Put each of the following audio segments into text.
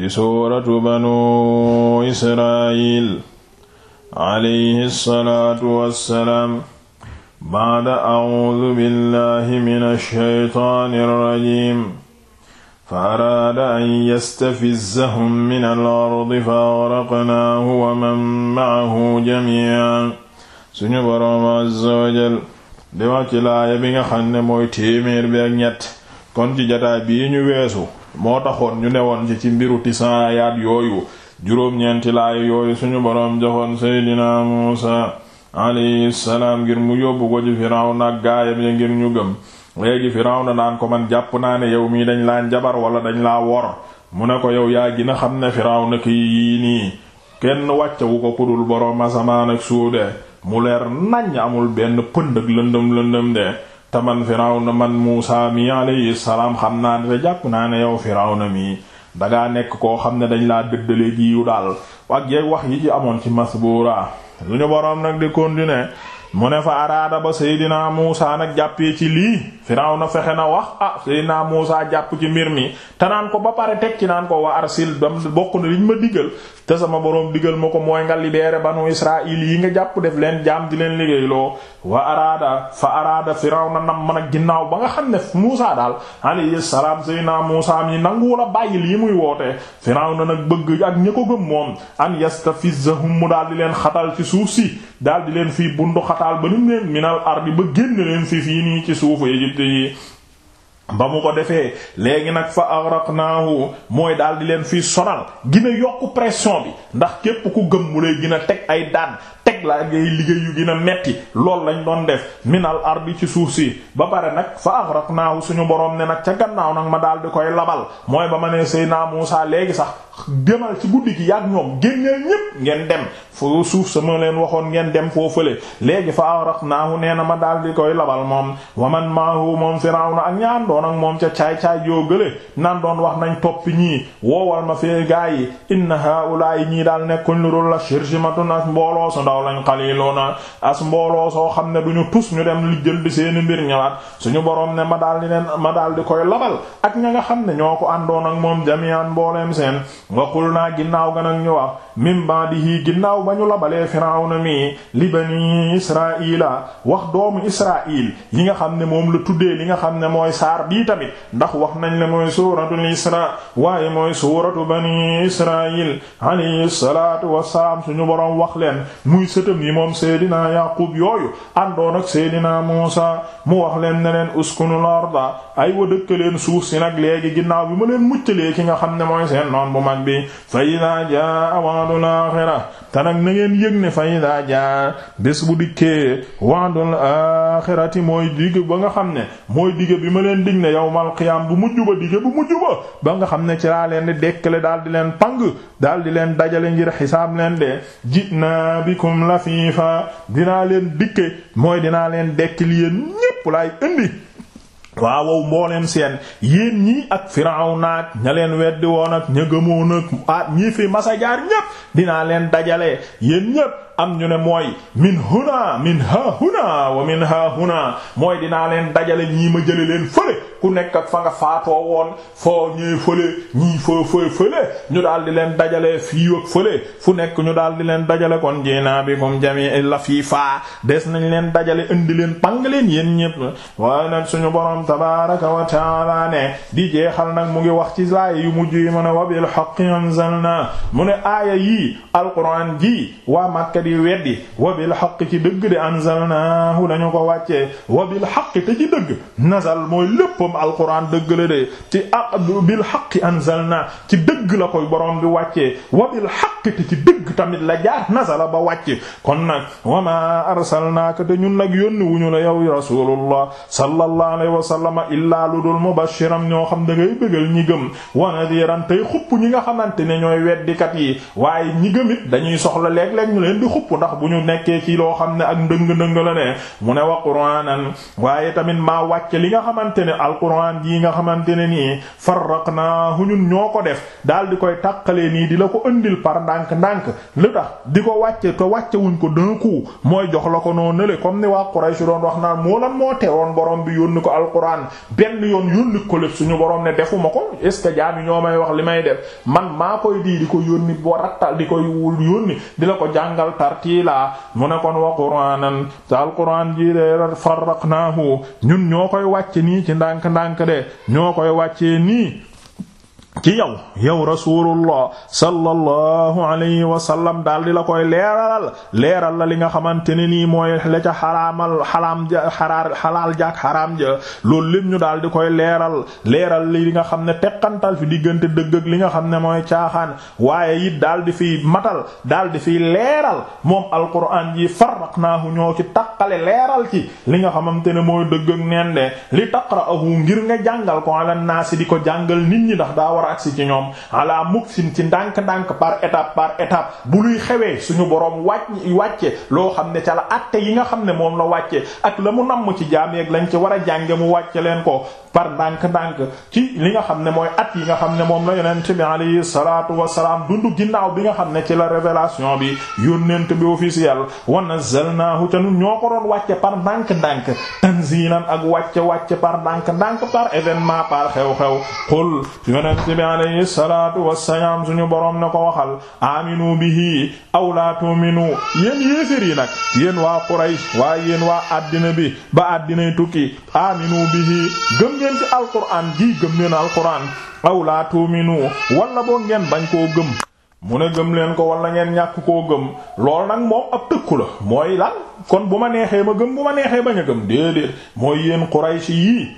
di suuratu banu israil alayhi salaatu wassalaam ba'da a'uudu billahi minash shaytaanir rajiim fa araada an yastafizzahum minal ardi fa aghraqnaahu wa man ma'ahu jamii'an suñu boroom azza wa jal di wax ci laaya bi nga xam ne mooy téeméer bi ak ñett kon ci jataay bii ñu weesu moo taxoon ñu ne newoon ci ci mbiru tisaayaat yooyu juróom-ñeenti laay yooyu suñu boroom joxoon seydina Muusa alayhi salaam ngir mu yóbbu ko ci Firawna ak gaayam ya ngir ñu gëm léegi Firawna naan ko man jàpp naa ne yow mii dañ laa jabar wala dañ laa wor mu ne ko yow yaa gina xam ne Firawna ki yii nii kenn wàccewu ko kudul boroom asamaan ak suude mu leer naññ amul benn pënd ak lëndëm lëndëm de te man firawna man Muusaa mi alayhi salaam xam naa ne jàpp naa ne yow firawna mi dangaa nekk koo xam ne dañ laa dëddale jiiw daal ak yey wax yi ci amoon ci masbuura ñu boroom nag di continuer mu ne fa araada ba Seydina Muusa nag jàppee ci lii Firawna fexe na wax a ah, Seydina Muusa jàpp ci mbir mi te naan ko ba pare teg ci naan ko wa arsil bam bokk na ñu ma diggal te sama boroom digal ma ko mooy nga libérer banu israil yi nga jàpp def leen jaam di leen liggéeyloo wa araada fa araada firawna nam man ak ginnaaw ba nga xam ne Muusaa daal alayhi salaam sayna Muusaa mi nangu la bàyyi yi muy woote firawna nag bëgg ak ña ko gëm moom an yastafizzahum mu daal di leen xatal ci suuf si daal di leen fii bundu xataal ba nim leen minal ardi ba génn leen fi fii nii ci suufu Égypte yi ba mu ko defee léegi nag fa aghraqnaahu mooy daal di leen fii sonal gina yokku pression bi ndax képp ku gëm mu lay gën a teg ay daan teg la ngay liggéey yu gën a metti loolu lañ doon def minal ardi ci suuf si ba pare nag fa aghraqnaahu suñu borom ne nag ca gannaaw nag ma daal di koy labal mooy ba ma nee Seyna Muusaa léegi sax demal ci guddi gi yàgg ñoom génneel foo suuf sama leen waxoon ngeen dem foo fële léegi fa aghraqnaahu nee na ma daal di koy labal moom ak ñaan àndoon ak moom ca caay-caay yoo gële nan doon wax nañ topp ñii woowal ma fee gaa yi inna haula yi ñii daal nekkuñ lu dul la shirsimatun as mbooloo su ndaw lañ xaliiluna as mbooloo soo xam ne duñu tus ñu dem li jël di seeni mbir ñëwaat suñu boroom ne ma daal di leen ma daal di koy labal ak ña nga xam ne ñoo ko àndoon ak moom jami'an mbooleem seen waqul naa ginnaaw ga nag ñu wax min ba'dihi ginnaaw ba ñu labalee firawna mi li bani israila wax doomu israil yi nga xam ne moom la tuddee li nga bii tamit ndax wax nañ la mooy suuratul isra waaye mooy suuratu bani israil alayhi salaatu wasalaam suñu boroom wax leen muy sëtam yi moom seydina yaqub yooyu àndoon ak seydina muusa mu wax leen ne leen uskunul arda ay wa dëkk leen suuf si nag léegi ginnaaw bi ma leen muccalee ki nga xam ne mooy seen noon bu mag bi fa idaa jaa wa'dul aaxira te nag na ngeen yëg ne fa idaa jaa bés bu dikkee wa'dul aaxirati mooy digg ba nga xam ne mooy digg bi ma leen dig ne yawmal qiyaam bu mujj ba dige bu mujj ba ba nga xam ne ci laa leen di dekkale daal di leen pang daal di leen dajale ngir xisaab leen de jinaa bikum lafiifa dinaa leen dikke mooy dinaa leen dekk li ñépp laay indi waa waawow mbooleem seen yéen ñii ak Firawna ak ña leen weddi woon ak ña gëmoon ak ah, ñii fi masa jaar ñépp dinaa leen dajale yéen ñépp am ñu ne mooy min huna min ha huna wa min ha huna mooy dinaa leen dajale ñii ma jële leen fële ku nekk ak fa nga faatoo woon foo ñee fële ñii fële ñu daal leen dajale fii ak fële fu nekk ñu daal di leen dajale kon jéenaa bi comme jami la fii faa des nañ leen dajale indi leen pang leen yéen ñépp waaye nag suñu borom tabaaraka wa ta'aala ne di jeexal nag mu ngi wax ci laaya yu mujj yi mu ne wa bil haqqi anzalna mo ne aaya yii alquraan ji waa Makka di weddi wa bil haqqi ci dëgg di de anzalnaahu lañu ko wàccee wa bil haqqi te ci dëgg nazal mooy léppam alquraan dëgg la de ci bil haqqi anzalna ci dëgg la koy borom bi wàccee wa bil haqqi te ci dëgg tamit la jaar nazala ba wàcce kon nag wa ma arsalnaaka te ñun nag yónni wuñu la yow rasulullah wasallama illaa lu dul mubashiran ñoo xam da ngay bëggal ñi gëm wa tey xupp ñi nga xamante ne ñooy weddikat yi waaye ñi gëmit dañuy soxla léeg-léeg ñu leen di xupp ndax bu ñu nekkee ci loo xam ne ak ndëng-ndëng la ne mu ne wa qur'anan waaye tamit maa wàcce li nga xamante ne alquran jii nga xamante ne nii farraqnaahu ñun ñoo ko def dal di koy tàqalee nii di la ko ëndil par ndànk-ndànk lu tax di ko wàcce te wàcce wuñ ko d'un coup mooy jox la ko noo ko alquran alquran benn yoon yónni ko lépp suñu borom ne defuma ko est ce que jaami ñoo may wax li may def man maa koy di di ko yónni boo rattal di koy yónni di la ko jàngal tartiila mu ne kon wa quraanan te alquran ji de farraqnaahu ñun ñoo koy wàcce nii ci ndànk ndànk de ñoo koy wàccee nii ci yow yow rasulullah sallallahu alayhi wa sallam daal di la koy leeralal leeral la li nga xamante ne nii mooy la xaraamal xaraam ja xaraar xalaal jaak xaraam ja loolu lépp ñu daal di koy leeral leeral li nga xam ne teqantal fi diggante dëgg ak li nga xam ne mooy caaxaan waaye it daal di fi matal daal di fi leeral moom alquran ji farraqnaahu ñoo ci taqale leeral ci li nga xamante ne mooy dëgg ak de li taqra'ahu ngir nga jàngal ko ala naasi di ko jàngal ba agsi ci ñoom ala muksin ci ndànk-ndànk par étape par étape bu luy xewee suñu boroom wàcce loo xam ne ca la atte yi nga xam ne moom la wàcce ak la mu namm ci jaam yeeg lañ ci war a jànge mu wàcce leen ko par ndànk-ndànk ci li nga xam ne mooy at yi nga xam ne moom la yonent bi alayhi salatu wasalaam dundu ginnaaw bi nga xam ne ci la révélation bi yonent bi officiel wa nazzalnaahu te ñun ñoo ko doon wàcce par ndànk-ndànk tanzilan ak wàcce wàcce par ndànk-ndànk par événement par xew-xew xul bi alayhi salaatu wassalaam suñu borom ne ko waxal aminu bihi aw laa tu'minu yéen yéefér yi nag yéen waa Quraysh waaye yéen waa àddina bi ba àddinay tukki bi bihi gëm ngeen ci alquran gi gëm ngeen alquran aw laa tu'minu walla boo ngeen bañ koo gëm mu ne gëm leen ko walla ngeen ñàkk koo gëm loolu nag moom ab tëkku la mooy lan kon bu ma neexee ma gëm bu ma neexee bañ a gëm déedéet mooy yéen Quraysh si yi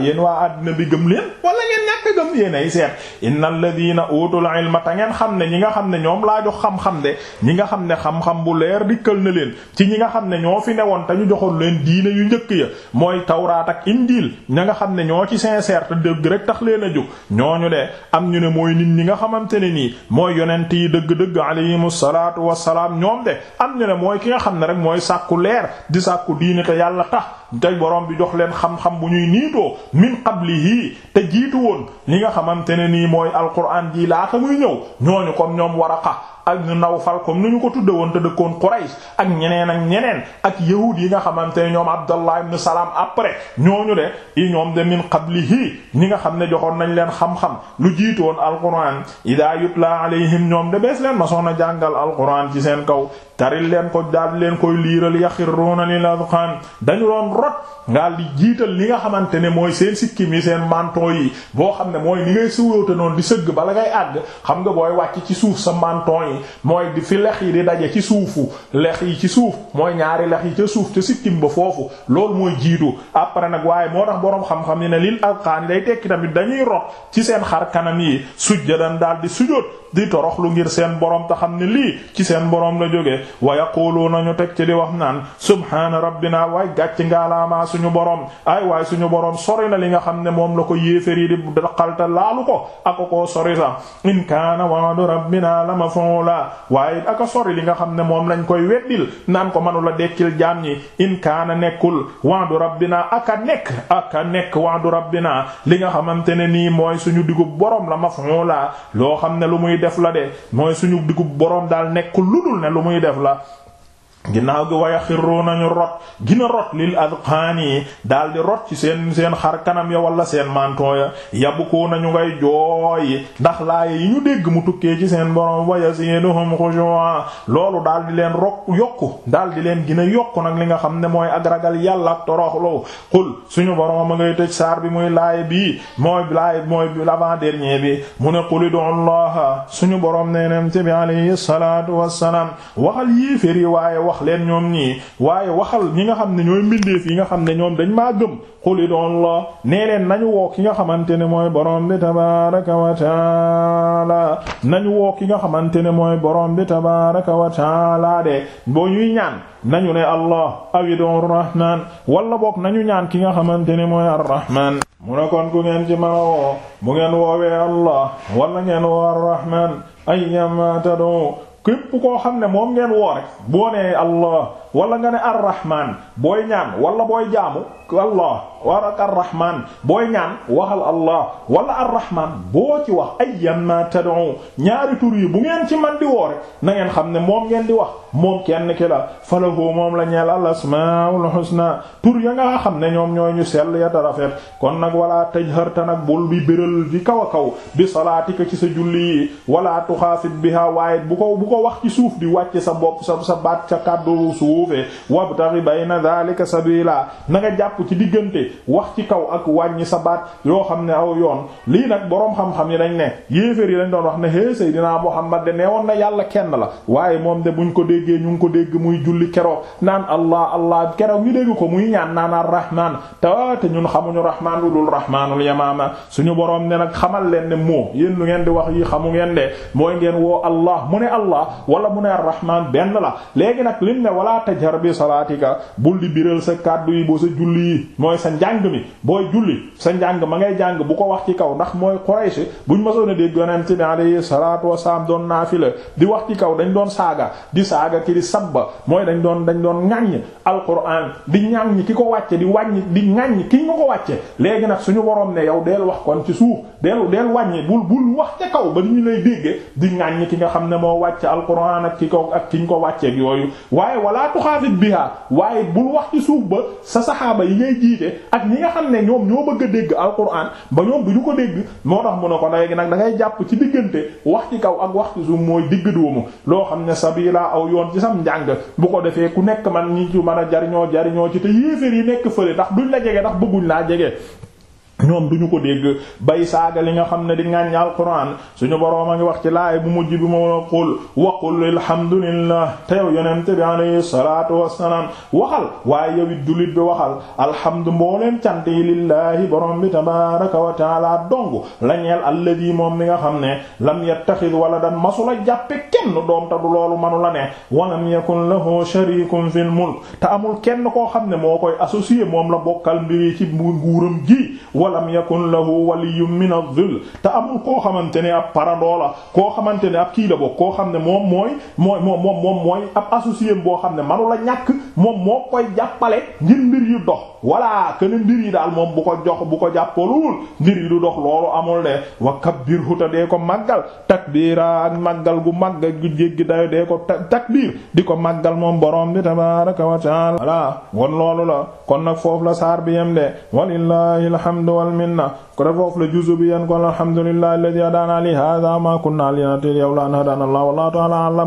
yéen waa àddina bi gëm leen wala ngeen ñàkk gëm yéen ay seet innal ladina utul ilma ngeen xam ne ñi nga xam ne ñoom laa jox xam-xam ñi nga xam ne xam bu leer dikkal na leen ci ñi nga xam ne ñoo fi newoon te ñu joxoon leen diine yu njëkk ya mooy tawraat ak injiil ña nga xam ne ñoo ci sincère te dëgg rek tax leen a jóg ñooñu de am ñu ne mooy nit ñi nga xamante ne nii mooy yonent yonent yi dëgg-dëgg alayhimu salaatu wassalaam ñoom de am ñu ne mooy ki nga xam ne rek mooy sàkku leer di sàkku diine te yàlla tax day borom bi jox leen xam-xam bu ñuy niitoo min qablihi te jiitu woon li nga xamante ne nii mooy alquran ji laata muy ñëw ñooñu comme ñoom Waraqa ak ñu Nawfal comme ni ñu ko tudde woon te dëkkoon Quraysh ak ñeneen ak ñeneen ak yahud yi nga xamante ne ñoom Abdallah ibn Salam après ñooñu de i ñoom de min qablihi ni nga xam ne joxoon nañ leen xam-xam lu jiitu woon alquran idaa yutla alayhim ñoom de bees leen ma soxna jàngal alquran ci seen kaw taril leen ko daal leen koy liiral yaxiruuna lil adqaan dañu doon rot ngaal di jiital li nga xamante ne mooy seen sikkim yi seen manton yi boo xam ne mooy ni ngay noonu di sëgg bala ngay àgg xam booy wàcc ci suuf sa yi mooy di lex yi di daje ci suufu lex yi ci suuf mooy ñaari lex yi ca suuf ca sikkim ba foofu loolu mooy jiitu après nag waaye moo tax boroom xam-xam yi ne lil adqaan day tekki tamit dañuy rot ci seen xar kanam yi sujjadan daal di sujoot di toroxlu ngir seen borom te xam ne lii ci seen borom la jógee wa yaquluuna ñu teg ci di wax naan subhaana rabbina waay gàcc ngaalaamaa suñu borom ay waay suñu borom sori na li nga xam ne moom la ko yéefér yi di daqalta laalu ko aka ko sori sa in kaana wa'du rabbina la mafuula waaye aka sori li nga xam ne moom lañ koy weddil naan ko manula dekkil jaam inkaana nekkul wa'du rabbina aka nekk aka nekk wa'du rabbina li nga xamante ne nii mooy suñu digub borom la mafuula loo xam ne lu muy def la de mooy suñu digub borom daal nekk lu muy def la ginnaaw gi waya xirroo nañu rot gina rot lil adqaan yi daal di rot ci seen seen xar kanam ya wala seen manton ya yabu koo nañu ngay jooy ndax laaya yi ñu dégg mu tukkee ci seen borom waya ziiduhum xushu'a loolu daal di leen rok yokk daal di leen gina yokk nag li nga xam ne mooy ak ragal yàlla ak toroxlu xul suñu borom a ngay tëj saar bi muy laaya bii mooy laaya mooy l'avant-dernier bi mu ne qul ud'u llaha suñu borom nee nem ci bi alayhi salaatu wassalaam wax leen ñoom ñii waaye waxal ñi nga xam ne ñooy mbindeef yi nga xam ne ñoom dañ maa gëm xuli doon la nee leen nañu woo ki nga xamante ne mooy borom bi tabaraka wa taala nañu woo ki nga xamante ne mooy borom bi tabaraka wa taala de boo ñuy ñaan nañu ne allah awi doon rahman wala boog nañu ñaan ki nga xamante ne mooy arrahman mu ne kon ku ngeen ci mën a woo ngeen woowee allah wala ngeen woo arrahman ay ñamata do képp koo xam ne moom geen woo boonee boo nee allah wala nga ne arrahman booy ñaan wala booy jaamu allah wala arrahman booy ñaan waxal allah wala arrahman boo ci wax ayyama tad'u ñaari tur yi bu ngeen ci man di woore na ngeen xam ne moom ngeen di wax moom kenn ki la falahu moom la ñeel al asmaul husna tur ya nga xam ne ñoom ñooy ñu sell ya tarafet kon nag wala tajhar ta nag bul bi béral di kaw a kaw bi salaatika ci sa julli yi wala tuxaafit biha waaye bu ko bu ko wax ci suuf di wàcce sa bopp sa sa baat sa kàddu suufee wabtaghi bayna dhalika sabila na nga jàpp ci diggante wax ci kaw ak wàññi sa baat yoo xam ne aw yoon lii nag boroom xam-xam yi dañ ne yéeféer yi dañ doon wax ne hé Seydina Muhammad de nee woon na yàlla kenn la waaye moom de buñ ko déggee ñu ngi ko dégg muy julli keroog naan allah allah keroog ñu dégg ko muy ñaan naan ar-Rahmaan te ñun xamuñu rahmaan lu dul rahmaanul yamaama suñu boroom ne nag xamal leen ne moo yéen lu ngeen di wax yi xamu ngeen de mooy ngeen woo allah mu ne allah wala mu ne ar tajhar bi salaatika bul di biral sa kàddu yi boo sa julli yi mooy sa njàng mi booy julli sa njàng ma ngay jàng bu ko wax ci kaw ndax mooy Quraysh buñ masoon a dégg yonente bi alayhi salaatu wasalaam doon naafila di wax ci kaw dañ doon saaga di saaga ki di sabba mooy dañ doon dañ doon ŋàññ alquran di ŋàññ ki ko wàcce di wàññi di ŋàññ ki nga ko wàcce léegi nag suñu borom ne yow deel wax kon ci suuf deel deel wàññi bul bul wax ca kaw ba ñu lay déggee di ŋàññ ki nga xam ne moo wàcce alquran ak ki ko ak ki ñu ko wàcceeg yooyu waaye wala tuxaafit biha waaye bul wax ci suuf ba sa saxaaba yi ngay jiite ak ñi nga xam ne ñoom ñoo bëgg a dégg alquran ba ñoom du ñu ko dégg moo tax mu ne ko léegi nag da jàpp ci diggante wax ci kaw ak wax ci suuf mooy digg doomu loo xam ne laa aw yoon ci sam njàng bu ko defee ku nekk man ñi ci man a jariñoo jariñoo ci te yéeféer yi nekk fële ndax duñ la jege ndax bëgguñ laa jege ñoom duñu ko dégg bay saaga li nga xam ne di ngàññ alquran suñu boroom a ngi wax ci laay bu mujj bi moo qul waqul alhamdulillah te yow yonente bi alayhi salatu wassalaam waxal waaye yowit jullit bi waxal alhamdu mbooleem cant yi lillahi boroom bi tabaraka wa taala dong la ñeel alladi moom mi nga xam ne lam yattaxid waladan masula jàppe kenn doom ta du loolu manu la ne walam yakun lahu sharikun fil mulk te amul kenn koo xam ne moo koy associé moom la bokkal mbiri ci nguuram gi walam yakun lahu waliyyun min adh-dhill te amul koo xamante ne ab parandoo la koo xamante ne ab kii la bokk koo xam ne moom mooy mooy moom moom moom mooy ab associé boo xam ne manu la ñàkk moom moo koy jàppale ngir mbir yu dox voilà que mbir yi daal moom bu ko jox bu ko jàppalul mbir yi du dox loolu amul de wa kabbirhu ta dee ko màggal takbiira ak màggal gu màggal gu jéggi dayo dee ko takbiir di ko maggal moom borom bi tabaaraka wa taala voilà won loolu la kon nag foofu la saar bi yem de walillahi alhamdu wal minna ko da foofu la juzu bi yen kon alhamdulillahi alladhi hadana li hadha ma allah